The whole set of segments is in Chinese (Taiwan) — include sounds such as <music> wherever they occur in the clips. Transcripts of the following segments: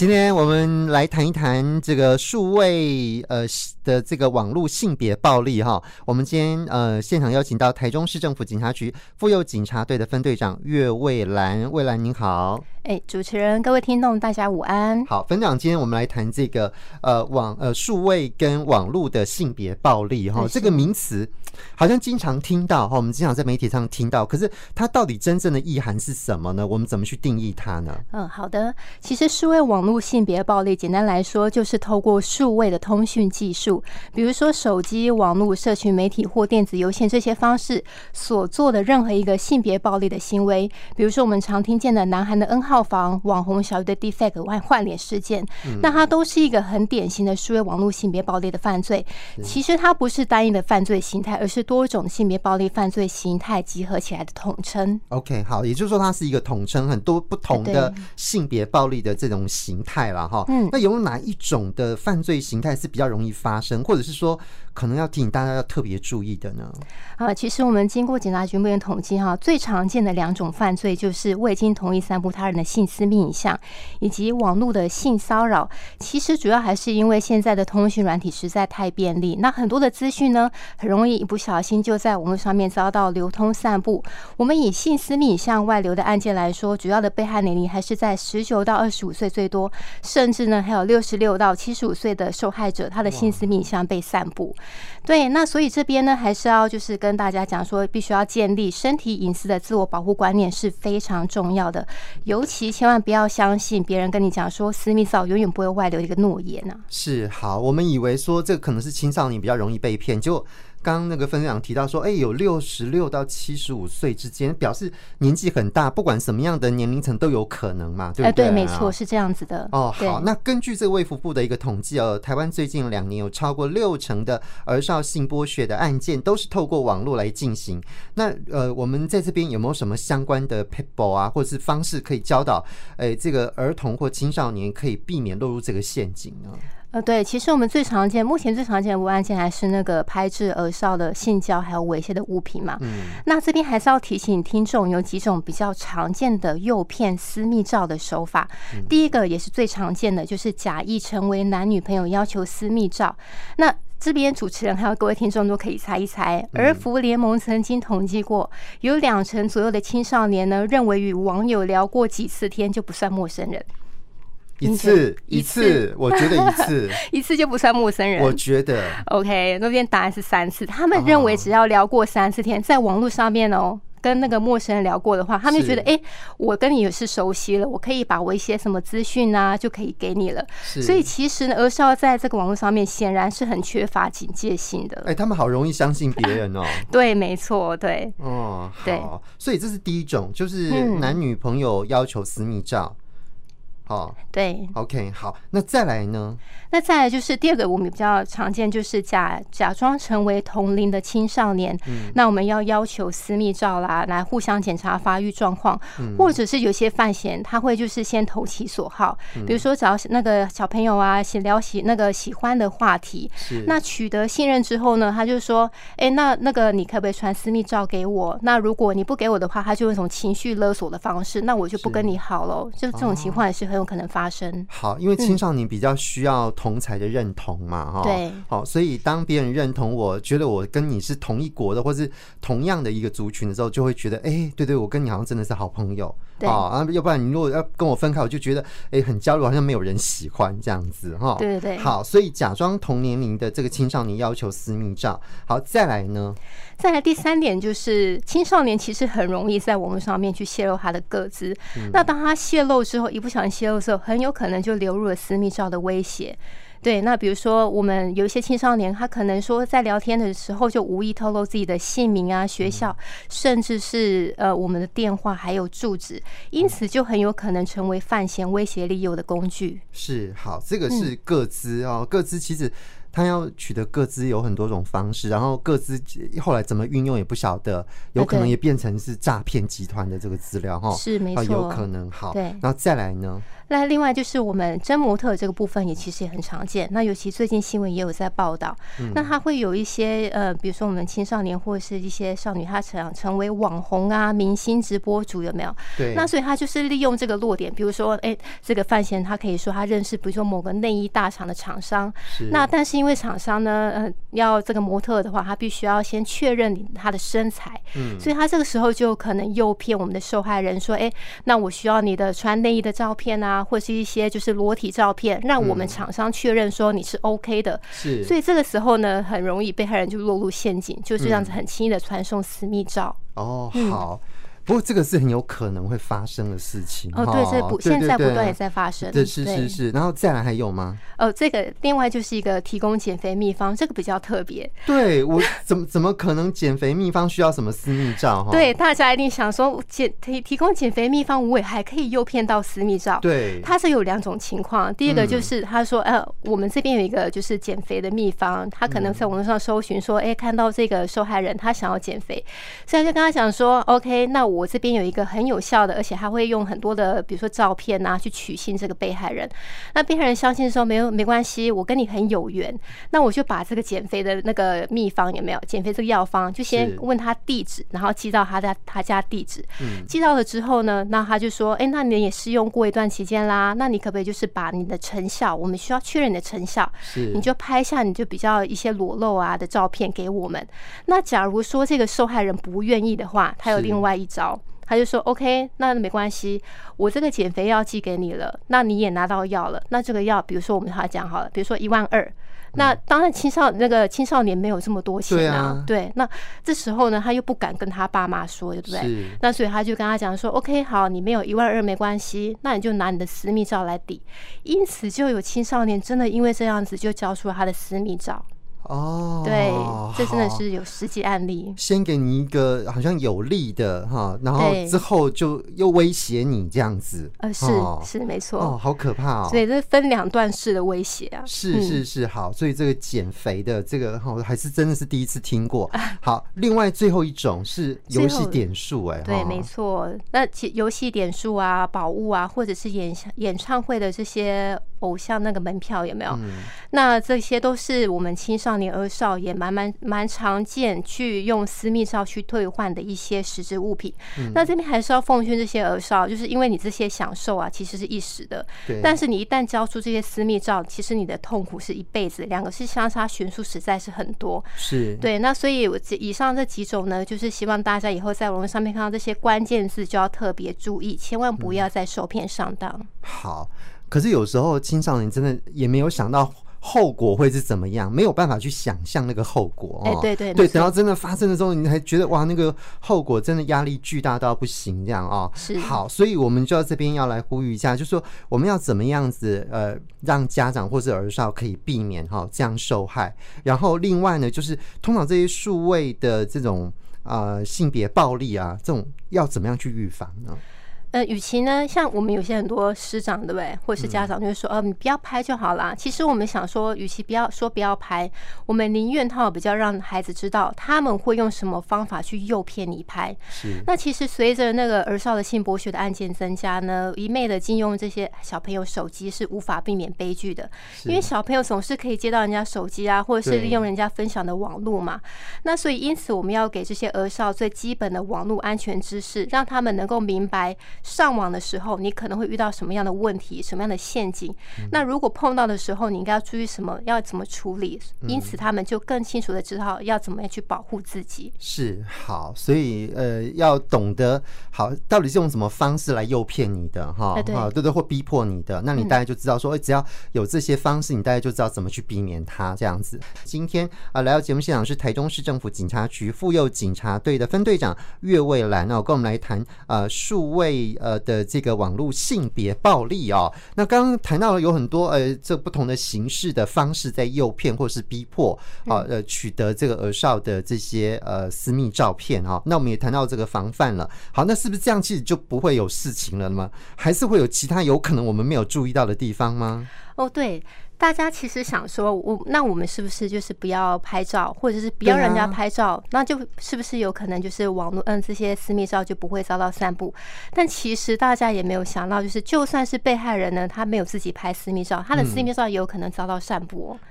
今天我們來談一談這個數位呃的這個網絡性別暴力哈。我們今天呃現場邀請到台中市政府警察局婦幼警察隊的分隊長岳尉嵐，尉嵐您好。哎，主持人各位聽眾大家午安。好，分長今天我們來談這個呃網呃數位跟網絡的性別暴力哈，這個名詞好像經常聽到哈，我們經常在媒體上聽到，可是它到底真正的意涵是什麼呢？我們怎麼去定義它呢？嗯，好的，其實數位網絡。物性別暴力，簡單來說就是透過數位的通訊技術，比如說手機、網絡、社群媒體或電子郵件這些方式所做的任何一個性別暴力的行為，比如說我們常聽見的南韓的 N 號房、網紅小玉的 Deepfake 換臉事件，那它都是一個很典型的數位網絡性別暴力的犯罪。其實它不是單一的犯罪形態，而是多種性別暴力犯罪形態集合起來的統稱。OK，好，也就是說它是一個統稱，很多不同的性別暴力的這種形。態了哈，嗯，那有哪一種的犯罪型態是比較容易發生，或者是說可能要提醒大家要特別注意的呢？啊，其實我們經過警察局目前統計哈，最常見的兩種犯罪就是未經同意散布他人的性私密影像，以及網絡的性騷擾。其實主要還是因為現在的通訊軟體實在太便利，那很多的資訊呢，很容易一不小心就在網絡上面遭到流通散布。我們以性私密影像外流的案件來說，主要的被害年齡還是在十九到二十五歲最多。甚至呢，還有六十六到七十五歲的受害者，他的性私密影像被散布。wow。對，那所以這邊呢，還是要就是跟大家講說，必須要建立身體隱私的自我保護觀念是非常重要的，尤其千萬不要相信別人跟你講說私密照永遠不會外流一個諾言呢。啊。是，好，我們以為說這可能是青少年比較容易被騙，就。剛剛那個分享提到說，哎，有六十六到七十五歲之間，表示年紀很大，不管什麼樣的年齡層都有可能嘛，對不對？哎、欸，對，沒錯，是這樣子的。哦，好，那根據這個衛福部的一個統計哦，台灣最近兩年有超過六成的兒少性剝削的案件都是透過網絡來進行。那呃，我們在這邊有沒有什麼相關的撇步啊，或者是方式可以教導，哎、呃，這個兒童或青少年可以避免落入這個陷阱呢？呃，對，其實我們最常見，目前最常見的兒剝案件還是那個拍製兒少的性交還有猥褻的物品嘛。嗯，那這邊還是要提醒聽眾，有幾種比較常見的誘騙私密照的手法。第一個也是最常見的，就是假意成為男女朋友要求私密照。那這邊主持人還有各位聽眾都可以猜一猜。兒福聯盟曾經統計過，有兩成左右的青少年呢，認為與網友聊過幾次天就不算陌生人。一次一次，我覺得一次一次就不算陌生人。 <laughs> 我覺得，OK，那邊答案是三次。他們認為只要聊過三次天，哦、在網絡上面哦、喔，跟那個陌生人聊過的話，他們就覺得，哎、欸，我跟你也是熟悉了，我可以把我一些什麼資訊啊，就可以給你了。所以其實呢，兒少在這個網絡上面顯然是很缺乏警戒性的。哎、欸，他們好容易相信別人哦、喔。 <laughs> 對，沒錯，對。哦，對。所以這是第一種，就是男女朋友要求私密照。嗯好、oh，對，OK，好，那再來呢？那再來就是第二個我們比較常見，就是假假裝成為同齡的青少年、嗯。那我們要要求私密照啦，來互相檢查發育狀況、嗯，或者是有些犯嫌，他會就是先投其所好，嗯、比如說找那個小朋友啊，先聊喜那個喜歡的話題。是。那取得信任之後呢，他就說：“哎、欸，那那個你可不可以傳私密照給我？”那如果你不給我的話，他就會從情緒勒索的方式，那我就不跟你好了。就這種情況也是很有可能發生。好，因為青少年比較需要同才的認同嘛，哈、嗯哦。對、哦。好，所以當別人認同我，我覺得我跟你是同一國的，或是同樣的一個族群的時候，就會覺得，哎、欸，對，對對，我跟你好像真的是好朋友，啊，啊，要不然你如果要跟我分開，我就覺得，哎、欸，很焦慮，好像沒有人喜歡這樣子，哈、哦。對對對。好，所以假裝同年齡的這個青少年要求私密照。好，再來呢？再來第三點就是，青少年其實很容易在網絡上面去洩露他的個資。那當他洩露之後，一不小心洩露之後，很有可能就流入了私密照的威脅。對，那比如說我們有一些青少年，他可能說在聊天的時候就無意透露自己的姓名啊、學校，甚至是呃我們的電話還有住址，因此就很有可能成為犯嫌威脅利誘的工具。是，好，這個是個資哦，個資其實。他要取得個資有很多種方式，然後個資後來怎麼運用也不曉得，有可能也變成是詐騙集團的這個資料哈、啊。是沒錯，有可能。好，對，那再來呢？那另外就是我們徵模特兒這個部分也其實也很常見，那尤其最近新聞也有在報道。嗯。那他會有一些呃，比如說我們青少年或者是一些少女，他想成為網紅啊、明星、直播主有沒有？對。那所以他就是利用這個弱點，比如說，哎、欸，這個犯嫌他可以說他認識，比如說某個內衣大廠的廠商。是。那但是。因為廠商呢、呃，要這個模特的話，他必須要先確認你他的身材，嗯，所以他這個時候就可能誘騙我們的受害人說，哎、欸，那我需要你的穿內衣的照片啊，或是一些就是裸體照片，讓我們廠商確認說你是 OK 的，是、嗯，所以這個時候呢，很容易被害人就落入陷阱，就是這樣子很輕易的傳送私密照。哦、嗯，嗯 oh, 好。不過這個是很有可能會發生的事情哦。對，這不對對對現在不斷也在發生。對，對，對，是是是，然後再來還有嗎？哦，這個另外就是一個提供減肥秘方，這個比較特別。對，我怎麼怎麼可能減肥秘方需要什麼私密照哈？ <laughs> 對，大家一定想說減提提供減肥秘方，我也還可以誘騙到私密照。對，他是有兩種情況，第一個就是他說，嗯、呃，我們這邊有一個就是減肥的秘方，他可能在網絡上搜尋說，哎、嗯欸，看到這個受害人他想要減肥，所以就跟他講說，OK，那我。我這邊有一個很有效的，而且他會用很多的，比如說照片啊，去取信這個被害人。那被害人相信說沒有沒關係，我跟你很有緣，那我就把這個減肥的那個秘方有沒有減肥這個藥方，就先問他地址，然後寄到他的他家地址，嗯。寄到了之後呢，那他就說，哎、欸，那你也試用過一段期間啦，那你可不可以就是把你的成效，我們需要確認你的成效，是你就拍下，你就比較一些裸露啊的照片給我們。那假如說這個受害人不願意的話，他有另外一招。他就說：“OK，那沒關係，我這個減肥藥寄給你了，那你也拿到藥了。那這個藥，比如說我們跟他講好了，比如說一萬二，那當然青少那個青少年沒有這麼多錢啊，啊，對。那這時候呢，他又不敢跟他爸媽說，對不對？那所以他就跟他講說：OK，好，你沒有一萬二沒關係，那你就拿你的私密照來抵。因此就有青少年真的因為這樣子就交出了他的私密照。”哦、oh，對，這真的是有實際案例。先給你一個好像有利的哈，然後之後就又威脅你這樣子，呃，是、哦、是，是沒錯，哦，好可怕哦。所以這是分兩段式的威脅啊。是是是，好，所以這個減肥的這個哈，還是真的是第一次聽過。 <laughs> 好，另外最後一種是遊戲點數，哎，對、哦，沒錯，那其遊戲點數啊，寶物啊，或者是演演唱會的這些。偶像那個門票有沒有、嗯？那這些都是我們青少年兒少也蠻蠻蠻常見去用私密照去兌換的一些實質物品。嗯、那這邊還是要奉勸這些兒少，就是因為你這些享受啊，其實是一時的。但是你一旦交出這些私密照，其實你的痛苦是一輩子，兩個是相差懸殊，實在是很多。是。對。那所以，我以上這幾種呢，就是希望大家以後在網絡上面看到這些關鍵字，就要特別注意，千萬不要再受騙上當。嗯、好。可是有時候青少年真的也沒有想到後果會是怎麼樣，沒有辦法去想象那個後果。哎，對對對，對，等到真的發生的時候，你才覺得哇，那個後果真的壓力巨大到不行這樣啊。是好，所以我們就在這邊要來呼籲一下，就是說我們要怎麼樣子呃，讓家長或是兒少可以避免哈、哦、這樣受害。然後另外呢，就是通常這些數位的這種呃性別暴力啊，這種要怎麼樣去預防呢？呃，與其呢，像我們有些很多師長，對不對？或者是家長，就是說，呃、嗯啊，你不要拍就好啦。其實我們想說，與其不要說不要拍，我們寧願他比較讓孩子知道他們會用什麼方法去誘騙你拍。是。那其實隨着那個兒少的性剝削的案件增加呢，一味的禁用這些小朋友手機是無法避免悲劇的。因為小朋友總是可以接到人家手機啊，或者是利用人家分享的網絡嘛。那所以因此，我們要給這些兒少最基本的網絡安全知識，讓他們能夠明白。上網的時候，你可能會遇到什麼樣的問題、什麼樣的陷阱，嗯？那如果碰到的時候，你應該要注意什麼？要怎麼處理？嗯、因此，他們就更清楚的知道要怎麼樣去保護自己。是好，所以呃，要懂得好，到底是用什麼方式來誘騙你的哈？哦啊、對，對對，或逼迫你的，那你大概就知道說，哎、嗯，只要有這些方式，你大概就知道怎麼去避免它這樣子。今天啊、呃，來到節目現場是台中市政府警察局婦幼警察隊的分隊長岳尉嵐，那我跟我們來談呃數位。呃的這個，網絡性別暴力啊、哦，那剛剛談到了有很多呃這不同的形式的方式在誘騙或是逼迫啊呃取得這個兒少的這些呃私密照片啊、哦。那我們也談到這個防範了，好，那是不是這樣其實就不會有事情了嗎？還是會有其他有可能我們沒有注意到的地方嗎？哦、oh，對，大家其實想說，我那我們是不是就是不要拍照，或者是不要人家拍照，啊、那就是不是有可能就是網絡嗯這些私密照就不會遭到散布？但其實大家也沒有想到，就是就算是被害人呢，他沒有自己拍私密照，他的私密照也有可能遭到散播。嗯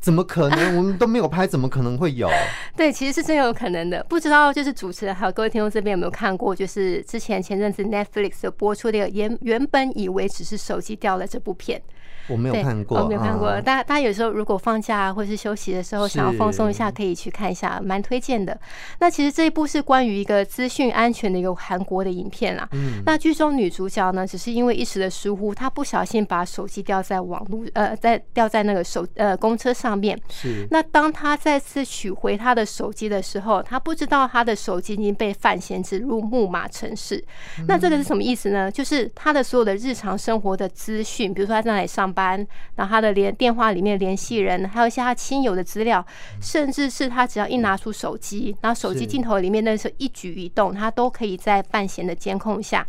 怎麼可能？我們都沒有拍，怎麼可能會有 <laughs> 對，其實是真有可能的。不知道就是主持人還有各位聽眾這邊有沒有看過？就是之前前陣子 Netflix 有播出的，原原本以為只是手機掉了這部片，我沒有看過，我沒有看過、啊。大家大家有時候如果放假、啊、或是休息的時候想要放鬆一下，可以去看一下，蠻推薦的。那其實這一部是關於一個資訊安全的一個韓國的影片啦、啊。那劇中女主角呢，只是因為一時的疏忽，她不小心把手機掉在網路，呃，在掉在那個手呃公車。上面是，那當他再次取回他的手機的時候，他不知道他的手機已經被犯嫌植入木馬程式。那這個是什麼意思呢？就是他的所有的日常生活的資訊，比如說他在哪裡上班，然後他的聯電話裡面聯繫人，還有一些他親友的資料，甚至是他只要一拿出手機，然後手機鏡頭裡面那時候一舉一動，他都可以在犯嫌的監控下。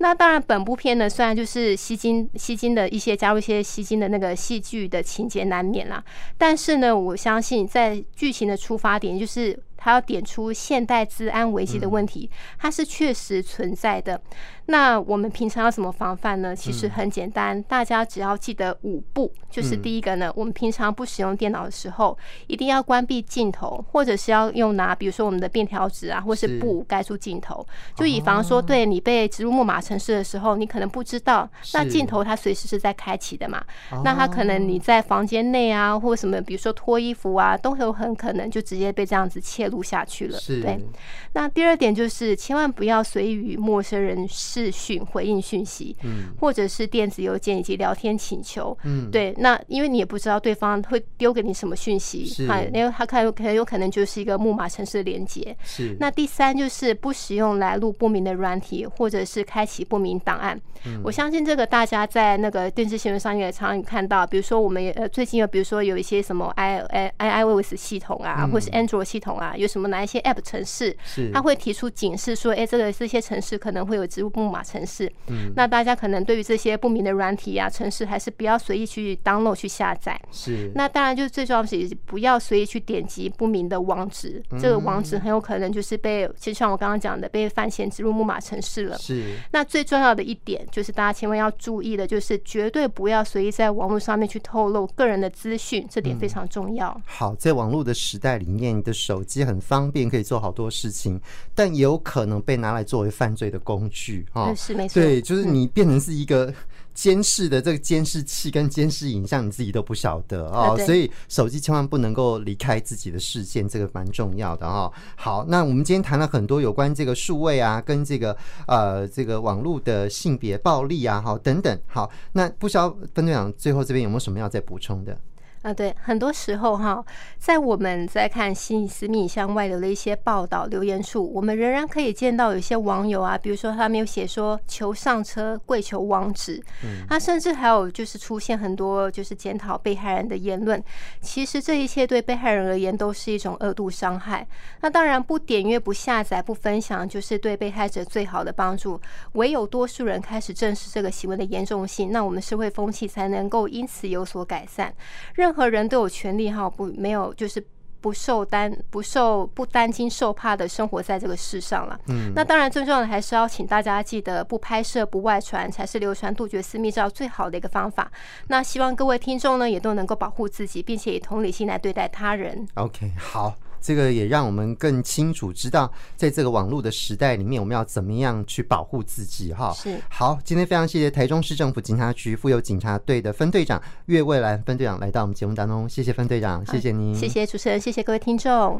那當然，本部片呢，雖然就是吸睛、吸睛的一些加入一些吸睛的那個戲劇的情節難免啦，但是呢，我相信在劇情的出發點就是。他要點出現代資安危機的問題，它、嗯、是確實存在的。那我們平常要怎麼防範呢？其實很簡單，嗯、大家只要記得五步。就是第一個呢，嗯、我們平常不使用電腦的時候，一定要關閉鏡頭，或者是要用拿，比如說我們的便條紙啊，或是布蓋住鏡頭，就以防說對、哦、你被植入木馬程式的時候，你可能不知道。那鏡頭它隨時是在開啟的嘛、哦？那它可能你在房間內啊，或什麼，比如說脫衣服啊，都有很可能就直接被這樣子竊錄下去了是，對。那第二點就是千萬不要隨意與陌生人視訊、回應訊息、嗯，或者是電子郵件以及聊天請求。嗯，對。那因為你也不知道對方會丟給你什麼訊息，哎，因為他有可能就是一個木馬程式的連結。是。那第三就是不使用來路不明的軟體，或者是開啟不明檔案、嗯。我相信這個大家在那個電視新聞上也常常看到，比如說我們呃最近有比如說有一些什麼 i iOS 系統啊、嗯，或是 Android 系統啊。有什麼哪一些 App 程式，是它會提出警示說，哎、欸，這個這些程式可能會有植入木馬程式。嗯，那大家可能對於這些不明的軟體啊、程式，還是不要隨意去 download 去下載。是，那當然就是最重要的是不要隨意去點擊不明的網址、嗯，這個網址很有可能就是被其實像我剛剛講的，被犯嫌植入木馬程式了。是，那最重要的一點就是大家千萬要注意的就是絕對不要隨意在網絡上面去透露個人的資訊、嗯，這點非常重要。好，在網絡的時代裡面，你的手機。很方便，可以做好多事情，但也有可能被拿來作為犯罪的工具，哈。對，是沒錯。對，就是你變成是一個監視的這個監視器跟監視影像，你自己都不曉得啊、哦。所以手機千萬不能夠離開自己的視線，這個蠻重要的啊、哦。好，那我們今天談了很多有關這個數位啊，跟這個呃這個網絡的性別暴力啊，好等等。好，那不需要分隊長，最後這邊有沒有什麼要再補充的？啊、對，很多時候哈，在我們在看性私密影像外流的一些報道、留言處，我們仍然可以見到有些網友啊，比如說他沒有寫說求上車跪求網址，他、嗯啊、甚至還有就是出現很多就是檢討被害人的言論。其實這一切對被害人而言都是一種二度傷害。那當然不點閱、不下載、不分享，就是對被害者最好的幫助。唯有多數人開始正視這個行為的嚴重性，那我們社會風氣才能夠因此有所改善。任何。任何人都有權利哈，不沒有就是不受擔、不受不擔驚受怕的生活在這個世上了。嗯，那當然最重要的還是要請大家記得不拍攝、不外傳，才是流傳杜絕私密照最好的一個方法。那希望各位聽眾呢也都能夠保護自己，並且以同理心來對待他人。OK，好。這個也讓我們更清楚知道，在這個網絡的時代裡面，我們要怎麼樣去保護自己？哈，是好，好，今天非常謝謝台中市政府警察局婦幼警察隊的分隊長岳尉嵐分隊長來到我們節目當中，謝謝分隊長，謝謝您，謝謝主持人，謝謝各位聽眾。